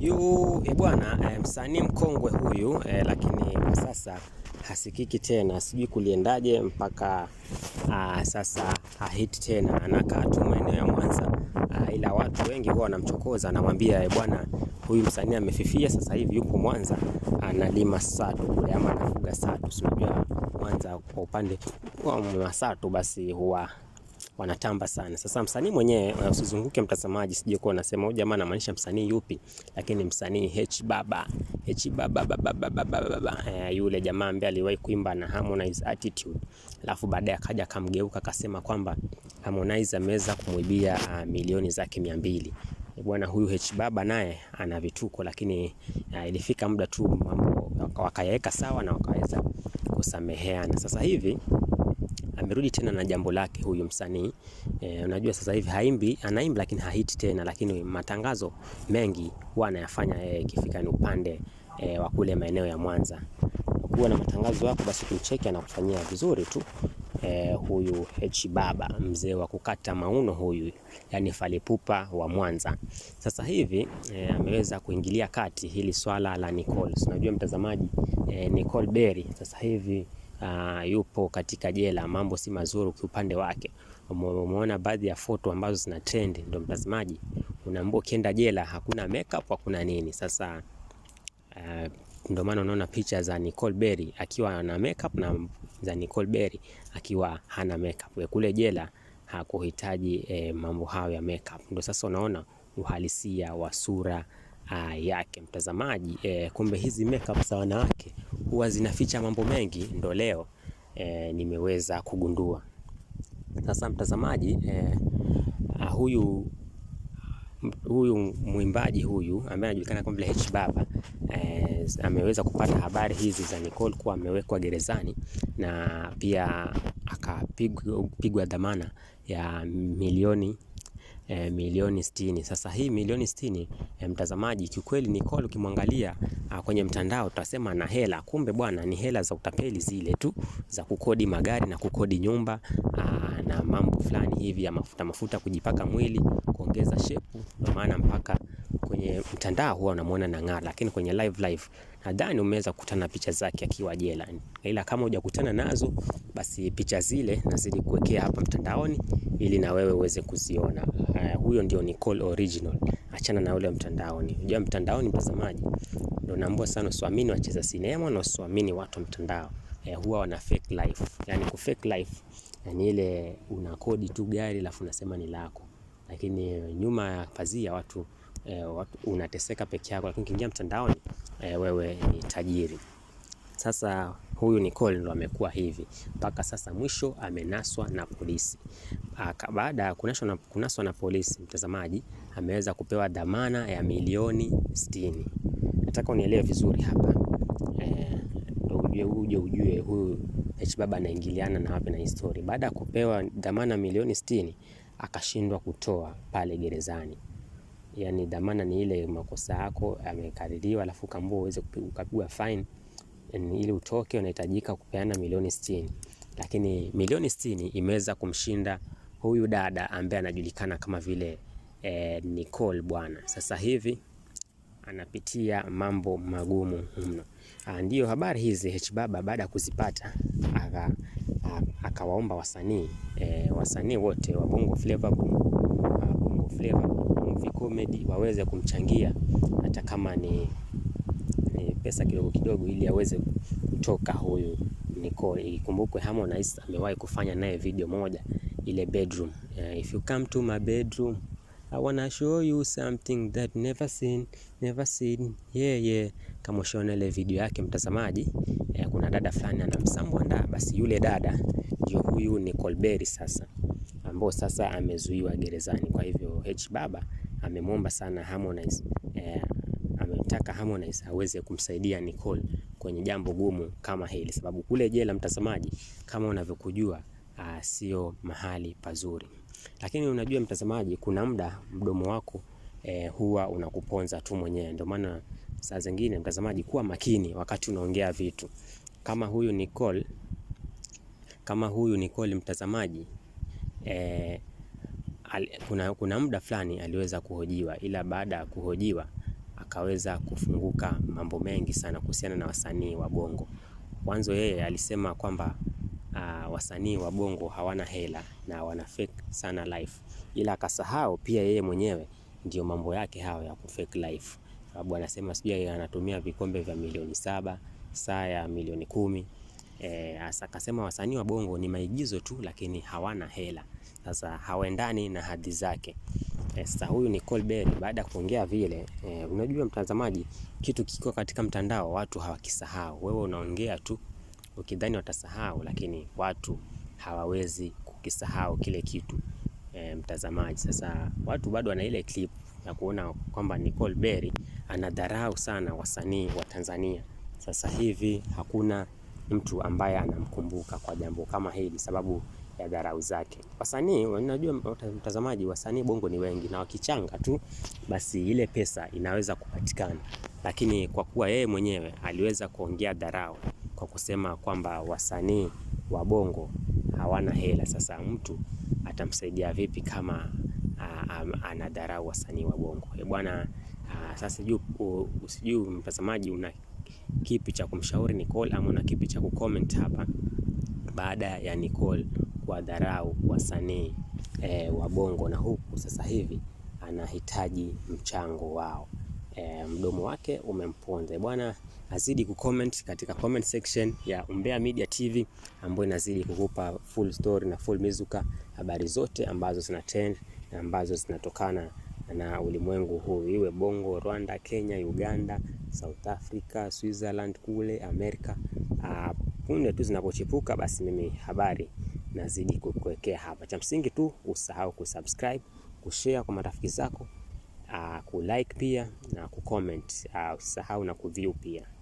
Yu eh, bwana e, msanii mkongwe huyu e, lakini kwa sasa hasikiki tena, sijui kuliendaje mpaka a, ah, sasa hahit tena, anakaa tu maeneo ya Mwanza, ah, ila watu wengi huwa wanamchokoza, anamwambia bwana huyu msanii amefifia, sasa hivi yuko Mwanza analima sato kule ama anafuga sato. Unajua Mwanza kwa upande wa sato basi huwa wanatamba sana. Sasa msanii mwenyewe uh, usizunguke mtazamaji, sije kuwa nasema huyu jamaa anamaanisha msanii yupi, lakini msanii H Baba, H Baba baba baba baba eh, yule jamaa ambaye aliwahi kuimba na Harmonize Attitude, alafu baadaye akaja akamgeuka akasema kwamba Harmonize ameweza kumwibia uh, milioni zake mia mbili. Eh, bwana huyu H Baba naye ana vituko, lakini uh, ilifika muda tu mambo wakayaweka sawa na wakaweza kusameheana sasa hivi amerudi tena na jambo lake huyu msanii e, unajua sasa hivi haimbi, anaimba lakini hahiti tena, lakini matangazo mengi huwa anayafanya yeye ikifika ni upande e, wa kule maeneo ya Mwanza. Kuwa na matangazo yako basi kumcheki anakufanyia vizuri tu. e, huyu H Baba mzee wa kukata mauno huyu, yani falipupa wa Mwanza sasa hivi e, ameweza kuingilia kati hili swala la Nicole. Unajua mtazamaji, e, Nicole Berry sasa hivi uh, yupo katika jela, mambo si mazuri kiupande wake. Umeona baadhi ya foto ambazo zina trend, ndio mtazamaji unaambia ukienda jela hakuna makeup, hakuna nini. Sasa uh, ndio maana unaona picha za Nicole Berry akiwa na makeup na za Nicole Berry akiwa hana makeup. Kule jela hakuhitaji eh, mambo hayo ya makeup. Ndio sasa unaona uhalisia wa sura aa, ah, yake mtazamaji. E, kumbe hizi makeup za wanawake huwa zinaficha mambo mengi, ndo leo e, nimeweza kugundua. Sasa mtazamaji, e, huyu huyu mwimbaji huyu ambaye anajulikana kama H Baba e, ameweza kupata habari hizi za Nicole kuwa amewekwa gerezani na pia akapigwa dhamana ya milioni e, milioni sitini. Sasa hii milioni sitini e, mtazamaji, kiukweli Nicole ukimwangalia ah, kwenye mtandao tutasema na hela, kumbe bwana ni hela za utapeli zile tu za kukodi magari na kukodi nyumba a, ah, na mambo fulani hivi ya mafuta mafuta kujipaka mwili kuongeza shepu, ndio maana mpaka kwenye mtandao huwa unamwona na ng'ara, lakini kwenye live live nadhani umeweza kukutana picha zake akiwa jela, ila kama hujakutana nazo, basi picha zile nazidi kuwekea hapa mtandaoni ili na wewe uweze kuziona. Uh, huyo ndio Nicole original, achana na ule mtandaoni. Unajua mtandaoni, mtazamaji, ndio naambua sana, usiamini wacheza sinema na usiamini watu wa mtandao. Uh, huwa wana fake life, yani ku fake life yani eh, ile unakodi tu gari alafu unasema ni lako, lakini nyuma ya pazia watu eh, unateseka peke yako, lakini ukiingia mtandaoni eh, wewe ni tajiri. Sasa huyu Nicole ndo amekuwa hivi mpaka sasa, mwisho amenaswa na polisi. Ah, baada ya kunaswa, na, kunaswa na polisi, mtazamaji ameweza kupewa dhamana ya milioni 60. Nataka unielewe vizuri hapa e, eh, uje uje ujue huyu H baba anaingiliana na wapi na historia. Baada ya kupewa dhamana milioni 60 akashindwa kutoa pale gerezani yani dhamana ni ile makosa yako yamekaririwa, alafu kambo uweze kupigwa fine yani, ili utoke, unahitajika kupeana milioni 60, lakini milioni 60 imeweza kumshinda huyu dada ambaye anajulikana kama vile eh, Nicole bwana. Sasa hivi anapitia mambo magumu mno. Ah, ndio habari hizi H Baba baada ya kuzipata akawaomba wasanii e, wasanii wote wa Bongo Flava, Bongo ah, Flava movie comedy waweze kumchangia hata kama ni, ni pesa kidogo kidogo, ili aweze kutoka huyu Nicole. Ikumbukwe Harmonize amewahi kufanya naye video moja ile bedroom, uh, if you come to my bedroom I wanna show you something that never seen, never seen. Yeah, yeah. Kama ushaona ile video yake mtazamaji, eh, kuna dada fulani anamsambwanda, basi yule dada ndio huyu Nicole Berry sasa, ambao sasa amezuiwa gerezani. Kwa hivyo H baba amemwomba sana Harmonize eh, ametaka Harmonize aweze kumsaidia Nicole kwenye jambo gumu kama hili, sababu kule jela, mtazamaji, kama unavyokujua uh, sio mahali pazuri, lakini unajua mtazamaji, kuna muda mdomo wako eh, huwa unakuponza tu mwenyewe. Ndio maana saa zingine mtazamaji, kuwa makini wakati unaongea vitu kama huyu Nicole, kama huyu Nicole mtazamaji eh, al, kuna, kuna muda fulani aliweza kuhojiwa, ila baada ya kuhojiwa akaweza kufunguka mambo mengi sana kuhusiana na wasanii wa Bongo. Mwanzo yeye alisema kwamba uh, wasanii wa Bongo hawana hela na wana fake sana life, ila akasahau pia yeye mwenyewe ndio mambo yake hayo ya kufake life, sababu anasema sijui anatumia vikombe vya milioni saba saa ya milioni kumi. E, asa akasema wasanii wa Bongo ni maigizo tu, lakini hawana hela sasa hawendani na hadhi zake. Eh, sasa huyu ni Colbert baada ya kuongea vile e, unajua mtazamaji, kitu kiko katika mtandao watu hawakisahau. Wewe unaongea tu ukidhani watasahau, lakini watu hawawezi kukisahau kile kitu e, mtazamaji. Sasa watu bado wana ile clip ya kuona kwamba ni Colbert anadharau sana wasanii wa Tanzania. Sasa hivi hakuna mtu ambaye anamkumbuka kwa jambo kama hili sababu ya dharau zake. Wasanii wanajua, mtazamaji, wasanii bongo ni wengi, na wakichanga tu basi ile pesa inaweza kupatikana, lakini kwa kuwa yeye mwenyewe aliweza kuongea dharau kwa kusema kwamba wasanii wa bongo hawana hela. Sasa mtu atamsaidia vipi kama anadharau wasanii wa bongo? E bwana, sasa usijui mtazamaji, una kipi cha kumshauri Nicole ama una kipi cha kucomment hapa baada ya Nicole kuwadharau wasanii e, wa bongo na huku sasa hivi anahitaji mchango wao. E, mdomo wake umemponza bwana. Azidi kucomment katika comment section ya Umbea Media TV ambayo inazidi kukupa full story na full mizuka, habari zote ambazo zina trend na ambazo zinatokana na ulimwengu huu, iwe Bongo, Rwanda, Kenya, Uganda, South Africa, Switzerland, kule Amerika. Ah, punde tu zinapochipuka, basi mimi habari nazidi kukuwekea hapa. Cha msingi tu usahau kusubscribe, kushare kwa marafiki zako, uh, kulike pia na kucomment. Uh, usahau na kuview pia.